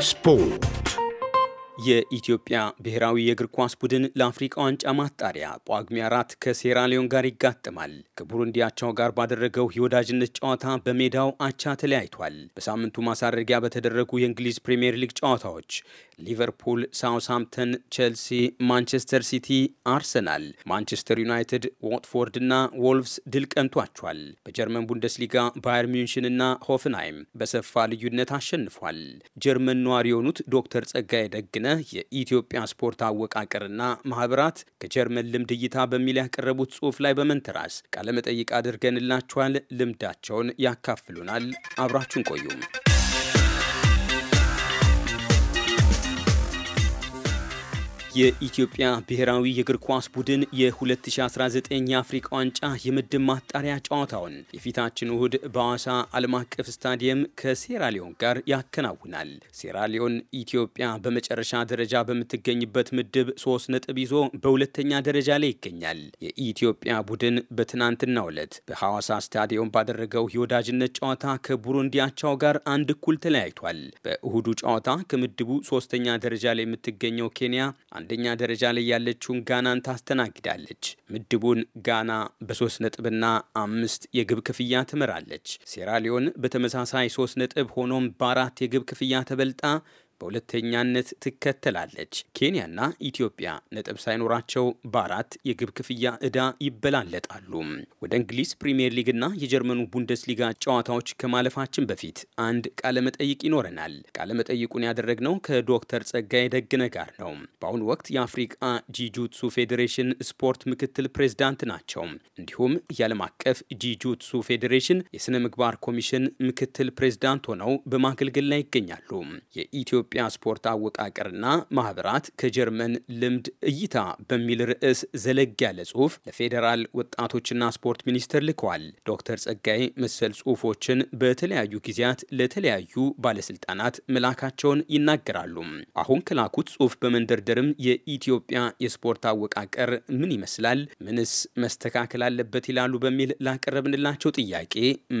Sport. የኢትዮጵያ ብሔራዊ የእግር ኳስ ቡድን ለአፍሪቃ ዋንጫ ማጣሪያ ጳጉሜ አራት ከሴራሊዮን ጋር ይጋጥማል። ከቡሩንዲ አቻው ጋር ባደረገው የወዳጅነት ጨዋታ በሜዳው አቻ ተለያይቷል። በሳምንቱ ማሳረጊያ በተደረጉ የእንግሊዝ ፕሪምየር ሊግ ጨዋታዎች ሊቨርፑል፣ ሳውስሃምፕተን፣ ቼልሲ፣ ማንቸስተር ሲቲ፣ አርሰናል፣ ማንቸስተር ዩናይትድ፣ ዋትፎርድ እና ዎልቭስ ድል ቀንቷቸዋል። በጀርመን ቡንደስሊጋ ባየር ሚንሽን እና ሆፍንሃይም በሰፋ ልዩነት አሸንፏል። ጀርመን ነዋሪ የሆኑት ዶክተር ጸጋዬ ደግነ የኢትዮጵያ ስፖርት አወቃቀርና ማህበራት ከጀርመን ልምድ እይታ በሚል ያቀረቡት ጽሑፍ ላይ በመንተራስ ቃለመጠይቅ አድርገንላችኋል። ልምዳቸውን ያካፍሉናል። አብራችሁን ቆዩም የኢትዮጵያ ብሔራዊ የእግር ኳስ ቡድን የ2019 የአፍሪቃ ዋንጫ የምድብ ማጣሪያ ጨዋታውን የፊታችን እሁድ በአዋሳ ዓለም አቀፍ ስታዲየም ከሴራሊዮን ጋር ያከናውናል። ሴራሊዮን ኢትዮጵያ በመጨረሻ ደረጃ በምትገኝበት ምድብ ሶስት ነጥብ ይዞ በሁለተኛ ደረጃ ላይ ይገኛል። የኢትዮጵያ ቡድን በትናንትናው ዕለት በሐዋሳ ስታዲየም ባደረገው የወዳጅነት ጨዋታ ከቡሩንዲያቻው ጋር አንድ እኩል ተለያይቷል። በእሁዱ ጨዋታ ከምድቡ ሶስተኛ ደረጃ ላይ የምትገኘው ኬንያ አንደኛ ደረጃ ላይ ያለችውን ጋናን ታስተናግዳለች። ምድቡን ጋና በሶስት ነጥብና አምስት የግብ ክፍያ ትመራለች። ሴራሊዮን በተመሳሳይ ሶስት ነጥብ ሆኖም በአራት የግብ ክፍያ ተበልጣ በሁለተኛነት ትከተላለች። ኬንያና ኢትዮጵያ ነጥብ ሳይኖራቸው በአራት የግብ ክፍያ ዕዳ ይበላለጣሉ። ወደ እንግሊዝ ፕሪምየር ሊግና የጀርመኑ ቡንደስሊጋ ጨዋታዎች ከማለፋችን በፊት አንድ ቃለመጠይቅ ይኖረናል። ቃለመጠይቁን ያደረግነው ከዶክተር ጸጋዬ ደግነ ጋር ነው። በአሁኑ ወቅት የአፍሪቃ ጂጁትሱ ፌዴሬሽን ስፖርት ምክትል ፕሬዝዳንት ናቸው። እንዲሁም የዓለም አቀፍ ጂጁትሱ ፌዴሬሽን የሥነ ምግባር ኮሚሽን ምክትል ፕሬዝዳንት ሆነው በማገልገል ላይ ይገኛሉ። የኢትዮ የኢትዮጵያ ስፖርት አወቃቀርና ማህበራት ከጀርመን ልምድ እይታ በሚል ርዕስ ዘለግ ያለ ጽሁፍ ለፌዴራል ወጣቶችና ስፖርት ሚኒስቴር ልከዋል። ዶክተር ጸጋይ መሰል ጽሁፎችን በተለያዩ ጊዜያት ለተለያዩ ባለስልጣናት መላካቸውን ይናገራሉ። አሁን ከላኩት ጽሁፍ በመንደርደርም የኢትዮጵያ የስፖርት አወቃቀር ምን ይመስላል፣ ምንስ መስተካከል አለበት ይላሉ በሚል ላቀረብንላቸው ጥያቄ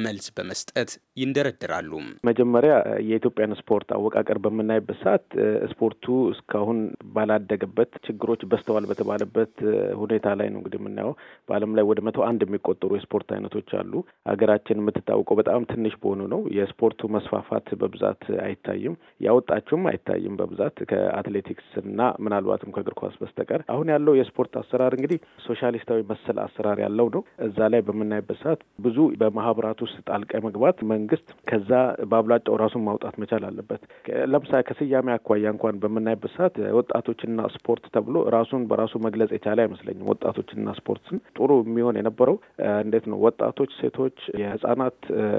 መልስ በመስጠት ይንደረደራሉ። መጀመሪያ የኢትዮጵያን ስፖርት አወቃቀር በምናይ በምናይበት ሰዓት ስፖርቱ እስካሁን ባላደገበት ችግሮች በስተዋል በተባለበት ሁኔታ ላይ ነው እንግዲህ የምናየው። በዓለም ላይ ወደ መቶ አንድ የሚቆጠሩ የስፖርት አይነቶች አሉ። ሀገራችን የምትታወቀው በጣም ትንሽ በሆኑ ነው። የስፖርቱ መስፋፋት በብዛት አይታይም፣ ያወጣችውም አይታይም በብዛት ከአትሌቲክስ እና ምናልባትም ከእግር ኳስ በስተቀር አሁን ያለው የስፖርት አሰራር እንግዲህ ሶሻሊስታዊ መሰል አሰራር ያለው ነው። እዛ ላይ በምናይበት ሰዓት ብዙ በማህበራት ውስጥ ጣልቃ መግባት መንግስት ከዛ በአብላጫው ራሱን ማውጣት መቻል አለበት። ለምሳሌ ከስያሜ አኳያ እንኳን በምናይበት ሰዓት ወጣቶችና ስፖርት ተብሎ ራሱን በራሱ መግለጽ የቻለ አይመስለኝም። ወጣቶችና ስፖርትን ጥሩ የሚሆን የነበረው እንዴት ነው ወጣቶች፣ ሴቶች፣ የህጻናት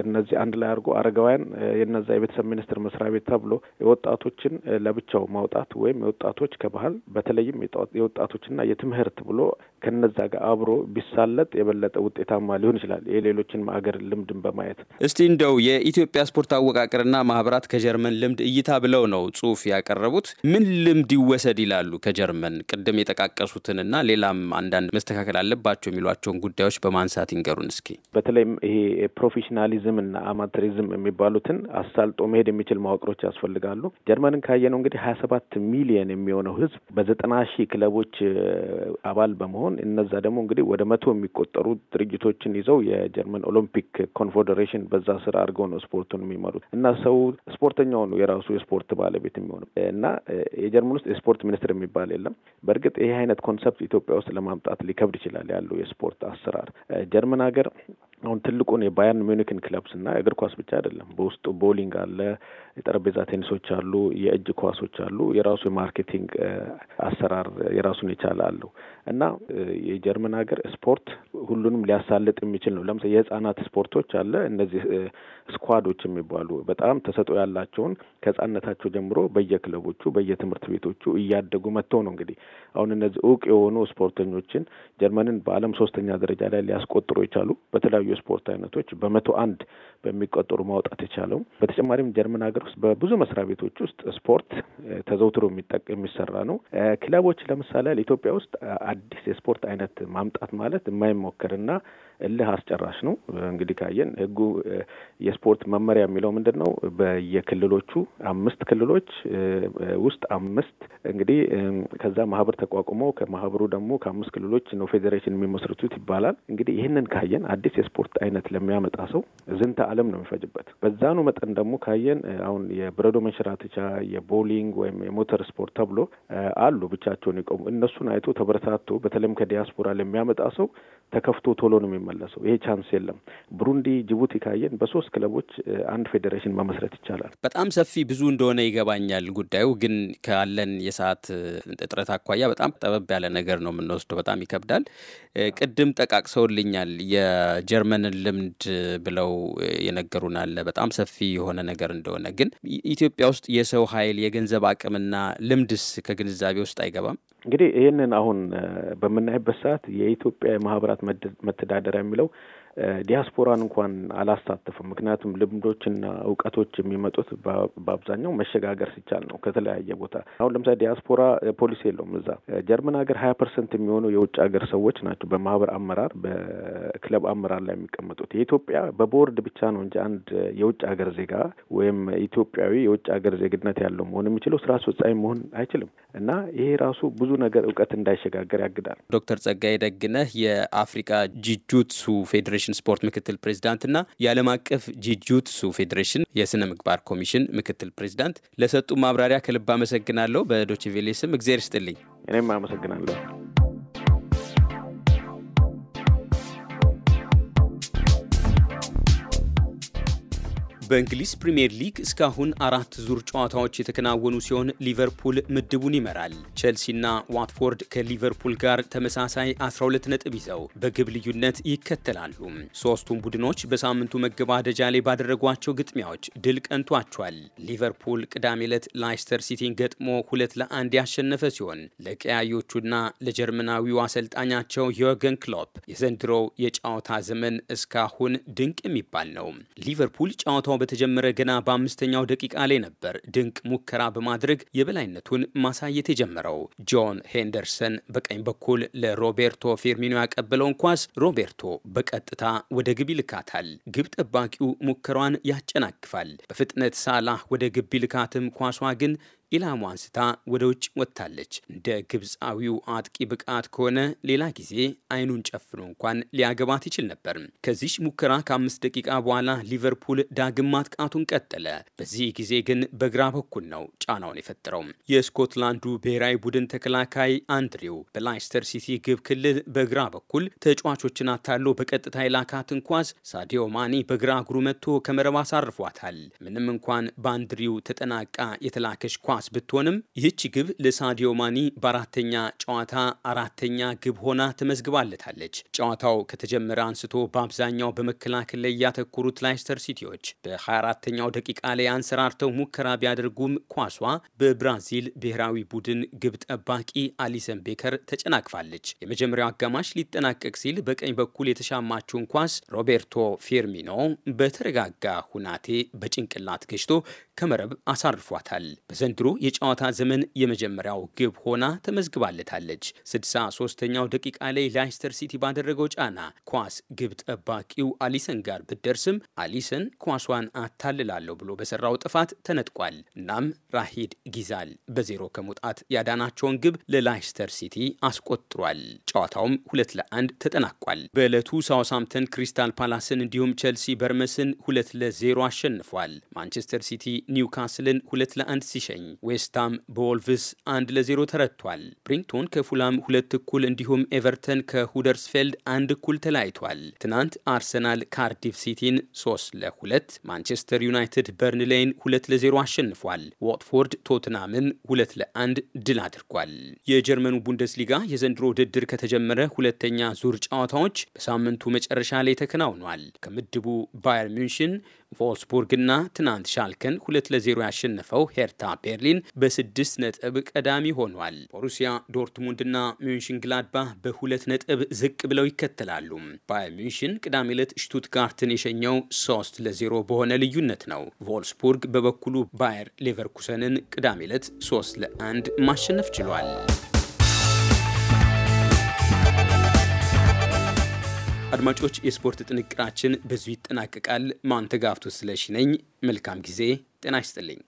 እነዚህ አንድ ላይ አድርጎ አረጋውያን የነዛ የቤተሰብ ሚኒስትር መስሪያ ቤት ተብሎ የወጣቶችን ለብቻው ማውጣት ወይም የወጣቶች ከባህል በተለይም የወጣቶችና የትምህርት ብሎ ከነዛ ጋር አብሮ ቢሳለጥ የበለጠ ውጤታማ ሊሆን ይችላል። የሌሎችን አገር ልምድን በማየት እስቲ እንደው የኢትዮጵያ ስፖርት አወቃቀርና ማህበራት ከጀርመን ልምድ እይታ ብለው ነው ነው ጽሁፍ ያቀረቡት። ምን ልምድ ይወሰድ ይላሉ? ከጀርመን ቅድም የጠቃቀሱትንና ሌላም አንዳንድ መስተካከል አለባቸው የሚሏቸውን ጉዳዮች በማንሳት ይንገሩን እስኪ። በተለይም ይሄ ፕሮፌሽናሊዝም እና አማተሪዝም የሚባሉትን አሳልጦ መሄድ የሚችል መዋቅሮች ያስፈልጋሉ። ጀርመንን ካየነው እንግዲህ ሀያ ሰባት ሚሊየን የሚሆነው ህዝብ በዘጠና ሺህ ክለቦች አባል በመሆን እነዛ ደግሞ እንግዲህ ወደ መቶ የሚቆጠሩ ድርጅቶችን ይዘው የጀርመን ኦሎምፒክ ኮንፌዴሬሽን በዛ ስር አድርገው ነው ስፖርቱን የሚመሩት እና ሰው ስፖርተኛው ነው የራሱ የስፖርት ባለቤት የሚሆኑ እና የጀርመን ውስጥ የስፖርት ሚኒስትር የሚባል የለም። በእርግጥ ይህ አይነት ኮንሰፕት ኢትዮጵያ ውስጥ ለማምጣት ሊከብድ ይችላል ያለው የስፖርት አሰራር ጀርመን ሀገር አሁን ትልቁን የባየርን ሚኒክን ክለብስ እና እግር ኳስ ብቻ አይደለም። በውስጡ ቦሊንግ አለ፣ የጠረጴዛ ቴኒሶች አሉ፣ የእጅ ኳሶች አሉ። የራሱ የማርኬቲንግ አሰራር የራሱን የቻለ አለው እና የጀርመን ሀገር ስፖርት ሁሉንም ሊያሳልጥ የሚችል ነው። ለምሳሌ የህጻናት ስፖርቶች አለ። እነዚህ ስኳዶች የሚባሉ በጣም ተሰጦ ያላቸውን ከህጻነታቸው ጀምሮ በየክለቦቹ በየትምህርት ቤቶቹ እያደጉ መጥተው ነው እንግዲህ አሁን እነዚህ እውቅ የሆኑ ስፖርተኞችን ጀርመንን በዓለም ሶስተኛ ደረጃ ላይ ሊያስቆጥሩ የቻሉ በተለያዩ የስፖርት አይነቶች በመቶ አንድ በሚቆጠሩ ማውጣት የቻለው። በተጨማሪም ጀርመን ሀገር ውስጥ በብዙ መስሪያ ቤቶች ውስጥ ስፖርት ተዘውትሮ የሚጠቅ የሚሰራ ነው። ክለቦች ለምሳሌ ኢትዮጵያ ውስጥ አዲስ የስፖርት አይነት ማምጣት ማለት የማይሞከርና እልህ አስጨራሽ ነው። እንግዲህ ካየን ህጉ የስፖርት መመሪያ የሚለው ምንድን ነው? በየክልሎቹ አምስት ክልሎች ውስጥ አምስት እንግዲህ ከዛ ማህበር ተቋቁሞ ከማህበሩ ደግሞ ከአምስት ክልሎች ነው ፌዴሬሽን የሚመስርቱት ይባላል። እንግዲህ ይህንን ካየን አዲስ የስፖርት አይነት ለሚያመጣ ሰው ዝንተ ዓለም ነው የሚፈጅበት። በዛኑ መጠን ደግሞ ካየን አሁን የብረዶ መንሸራተቻ፣ የቦሊንግ ወይም የሞተር ስፖርት ተብሎ አሉ ብቻቸውን ይቆሙ። እነሱን አይቶ ተበረታቶ በተለይም ከዲያስፖራ ለሚያመጣ ሰው ተከፍቶ ቶሎ ነው የሚመለሰው። ይሄ ቻንስ የለም። ብሩንዲ፣ ጅቡቲ ካየን በሶስት ክለቦች አንድ ፌዴሬሽን መመስረት ይቻላል። በጣም ሰፊ ብዙ እንደሆነ ይገባኛል። ጉዳዩ ግን ካለን የሰዓት እጥረት አኳያ በጣም ጠበብ ያለ ነገር ነው የምንወስደው። በጣም ይከብዳል። ቅድም ጠቃቅሰውልኛል የጀርመንን ልምድ ብለው የነገሩን አለ በጣም ሰፊ የሆነ ነገር እንደሆነ ግን ኢትዮጵያ ውስጥ የሰው ኃይል የገንዘብ አቅምና ልምድስ ከግንዛቤ ውስጥ አይገባም። እንግዲህ ይህንን አሁን በምናይበት ሰዓት የኢትዮጵያ የማህበራት መተዳደሪያ የሚለው ዲያስፖራን እንኳን አላሳተፍም። ምክንያቱም ልምዶችና እውቀቶች የሚመጡት በአብዛኛው መሸጋገር ሲቻል ነው ከተለያየ ቦታ። አሁን ለምሳሌ ዲያስፖራ ፖሊሲ የለውም። እዛ ጀርመን ሀገር ሀያ ፐርሰንት የሚሆኑ የውጭ ሀገር ሰዎች ናቸው በማህበር አመራር፣ በክለብ አመራር ላይ የሚቀመጡት። የኢትዮጵያ በቦርድ ብቻ ነው እንጂ አንድ የውጭ ሀገር ዜጋ ወይም ኢትዮጵያዊ የውጭ ሀገር ዜግነት ያለው መሆን የሚችለው ስራ አስፈጻሚ መሆን አይችልም እና ይሄ ራሱ ብዙ ነገር እውቀት እንዳይሸጋገር ያግዳል። ዶክተር ጸጋይ ደግነህ የአፍሪካ ጂጁትሱ ፌዴሬሽን ፌዴሬሽን ስፖርት ምክትል ፕሬዚዳንትና የዓለም አቀፍ ጂጁትሱ ፌዴሬሽን የስነ ምግባር ኮሚሽን ምክትል ፕሬዚዳንት ለሰጡ ማብራሪያ ከልብ አመሰግናለሁ። በዶችቬሌ ስም እግዜር ስጥልኝ። እኔም አመሰግናለሁ። በእንግሊዝ ፕሪምየር ሊግ እስካሁን አራት ዙር ጨዋታዎች የተከናወኑ ሲሆን ሊቨርፑል ምድቡን ይመራል። ቼልሲና ዋትፎርድ ከሊቨርፑል ጋር ተመሳሳይ 12 ነጥብ ይዘው በግብ ልዩነት ይከተላሉ። ሦስቱም ቡድኖች በሳምንቱ መገባደጃ ላይ ባደረጓቸው ግጥሚያዎች ድል ቀንቷቸዋል። ሊቨርፑል ቅዳሜ ዕለት ላይስተር ሲቲን ገጥሞ ሁለት ለአንድ ያሸነፈ ሲሆን ለቀያዮቹና ለጀርመናዊው አሰልጣኛቸው ዮርገን ክሎፕ የዘንድሮው የጨዋታ ዘመን እስካሁን ድንቅ የሚባል ነው። ሊቨርፑል ጨዋታው በተጀመረ ገና በአምስተኛው ደቂቃ ላይ ነበር ድንቅ ሙከራ በማድረግ የበላይነቱን ማሳየት የጀመረው። ጆን ሄንደርሰን በቀኝ በኩል ለሮቤርቶ ፊርሚኖ ያቀበለውን ኳስ ሮቤርቶ በቀጥታ ወደ ግብ ይልካታል። ግብ ጠባቂው ሙከሯን ያጨናግፋል። በፍጥነት ሳላህ ወደ ግብ ይልካትም ኳሷ ግን ኢላማ አንስታ ወደ ውጭ ወጥታለች። እንደ ግብፃዊው አጥቂ ብቃት ከሆነ ሌላ ጊዜ አይኑን ጨፍኖ እንኳን ሊያገባት ይችል ነበር። ከዚች ሙከራ ከአምስት ደቂቃ በኋላ ሊቨርፑል ዳግም ማጥቃቱን ቀጠለ። በዚህ ጊዜ ግን በግራ በኩል ነው ጫናውን የፈጠረው። የስኮትላንዱ ብሔራዊ ቡድን ተከላካይ አንድሪው በላይስተር ሲቲ ግብ ክልል በግራ በኩል ተጫዋቾችን አታሎ በቀጥታ የላካትን ኳስ ሳዲዮ ማኒ በግራ እግሩ መጥቶ ከመረብ አሳርፏታል። ምንም እንኳን በአንድሪው ተጠናቃ የተላከች ኳስ ኳስ ብትሆንም ይህች ግብ ለሳዲዮ ማኒ በአራተኛ ጨዋታ አራተኛ ግብ ሆና ትመዝግባለታለች። ጨዋታው ከተጀመረ አንስቶ በአብዛኛው በመከላከል ላይ ያተኮሩት ላይስተር ሲቲዎች በ24ተኛው ደቂቃ ላይ አንሰራርተው ሙከራ ቢያደርጉም ኳሷ በብራዚል ብሔራዊ ቡድን ግብ ጠባቂ አሊሰን ቤከር ተጨናቅፋለች። የመጀመሪያው አጋማሽ ሊጠናቀቅ ሲል በቀኝ በኩል የተሻማችውን ኳስ ሮቤርቶ ፌርሚኖ በተረጋጋ ሁናቴ በጭንቅላት ገጭቶ ከመረብ አሳርፏታል። በዘንድሮ የጨዋታ ዘመን የመጀመሪያው ግብ ሆና ተመዝግባለታለች። ሶስተኛው ደቂቃ ላይ ላይስተር ሲቲ ባደረገው ጫና ኳስ ግብ ጠባቂው አሊሰን ጋር ብትደርስም አሊሰን ኳሷን አታልላለሁ ብሎ በሰራው ጥፋት ተነጥቋል። እናም ራሂድ ጊዛል በዜሮ ከመውጣት ያዳናቸውን ግብ ለላይስተር ሲቲ አስቆጥሯል። ጨዋታውም ሁለት ለአንድ ተጠናቋል። በዕለቱ ሳውሳምተን ክሪስታል ፓላስን እንዲሁም ቸልሲ በርመስን ሁለት ለዜሮ አሸንፏል። ማንቸስተር ሲቲ ኒውካስልን ሁለት ለአንድ ሲሸኝ ዌስትሃም በወልቭስ አንድ ለዜሮ ተረቷል። ብሪንግቶን ከፉላም ሁለት እኩል እንዲሁም ኤቨርተን ከሁደርስፌልድ አንድ እኩል ተለያይቷል። ትናንት አርሰናል ካርዲፍ ሲቲን ሶስት ለሁለት፣ ማንቸስተር ዩናይትድ በርንሌይን ሁለት ለዜሮ አሸንፏል። ዋትፎርድ ቶትናምን ሁለት ለአንድ ድል አድርጓል። የጀርመኑ ቡንደስሊጋ የዘንድሮ ውድድር ከተጀመረ ሁለተኛ ዙር ጨዋታዎች በሳምንቱ መጨረሻ ላይ ተከናውኗል። ከምድቡ ባየር ሚንሽን ቮልስቡርግና ትናንት ሻልከን ሁለት ለዜሮ ያሸነፈው ሄርታ ቤርሊን በስድስት ነጥብ ቀዳሚ ሆኗል። ቦሩሲያ ዶርትሙንድና ሚንሽን ግላድባህ በሁለት ነጥብ ዝቅ ብለው ይከተላሉ። ባየር ሚንሽን ቅዳሜ ዕለት ሽቱትጋርትን የሸኘው ሶስት ለዜሮ በሆነ ልዩነት ነው። ቮልስቡርግ በበኩሉ ባየር ሌቨርኩሰንን ቅዳሜ ዕለት ሶስት ለአንድ ማሸነፍ ችሏል። አድማጮች፣ የስፖርት ጥንቅራችን በዙ ይጠናቀቃል። ማንተጋፍቶ ስለሺ ነኝ። መልካም ጊዜ። ጤና ይስጥልኝ።